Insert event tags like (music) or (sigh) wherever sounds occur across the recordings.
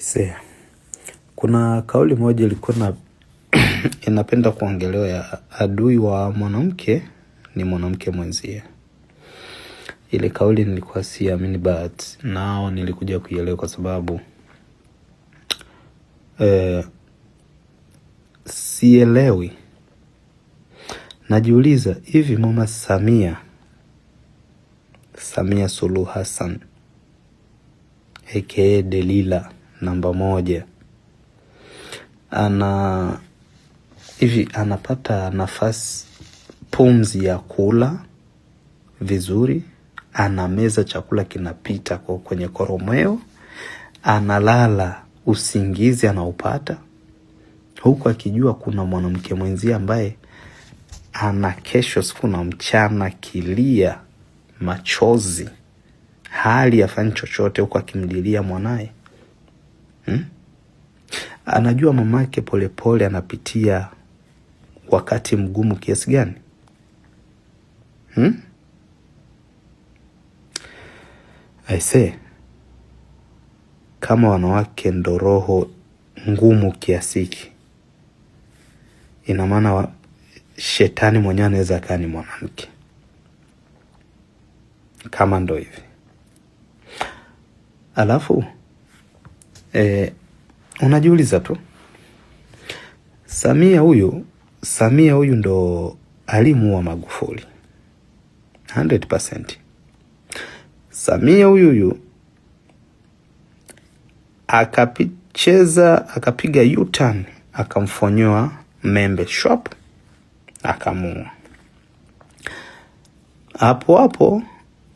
Aisee, kuna kauli moja ilikuwa na (clears throat) inapenda kuongelewa ya adui wa mwanamke ni mwanamke mwenzie. Ile kauli nilikuwa siamini, but nao nilikuja kuielewa kwa sababu eh, sielewi. Najiuliza hivi mama Samia Samia Suluhu Hassan aka Delila namba moja. Ana hivi anapata nafasi pumzi ya kula vizuri, anameza chakula kinapita kwa kwenye koromeo, analala usingizi anaopata, huku akijua kuna mwanamke mwenzie ambaye ana kesho siku na mchana kilia machozi, hali hafanyi chochote, huku akimdilia mwanaye hmm? Anajua mamake Polepole anapitia wakati mgumu kiasi gani hmm? Aise, kama wanawake ndo roho ngumu kiasi hiki, ina maana shetani mwenyewe anaweza akaa ni mwanamke kama ndo hivi alafu E, unajiuliza tu Samia huyu Samia huyu ndo alimuua Magufuli 100%. Samia huyu huyu akapicheza akapiga U-turn akamfonyoa membe shop akamuua hapo hapo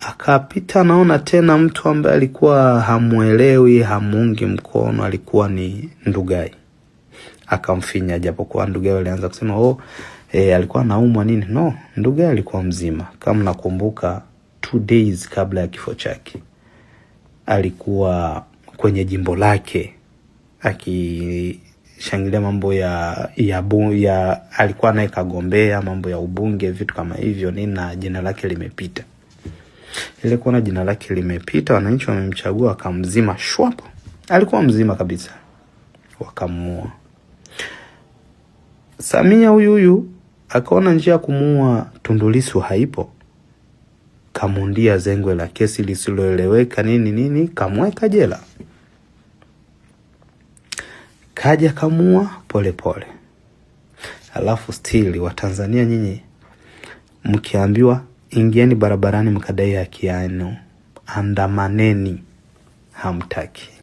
akapita naona tena mtu ambaye alikuwa hamuelewi, hamungi mkono, alikuwa ni Ndugai akamfinya, japokuwa Ndugai alianza kusema oh, e, alikuwa naumwa nini. No, Ndugai alikuwa mzima. Kama nakumbuka, two days kabla ya kifo chake alikuwa kwenye jimbo lake akishangilia mambo ya, ya, bu, ya alikuwa naye kagombea mambo ya ubunge vitu kama hivyo nini, na jina lake limepita. Ile kuona jina lake limepita, wananchi wamemchagua, wakamzima shwapo, alikuwa mzima kabisa, wakamua Samia huyu huyu akaona njia ya kumuua Tundu Lissu haipo, kamundia zengwe la kesi lisiloeleweka nini nini, kamweka jela, kaja kamua Polepole. Alafu stili Watanzania nyinyi mkiambiwa ingieni barabarani mkadai haki yenu, andamaneni hamtaki.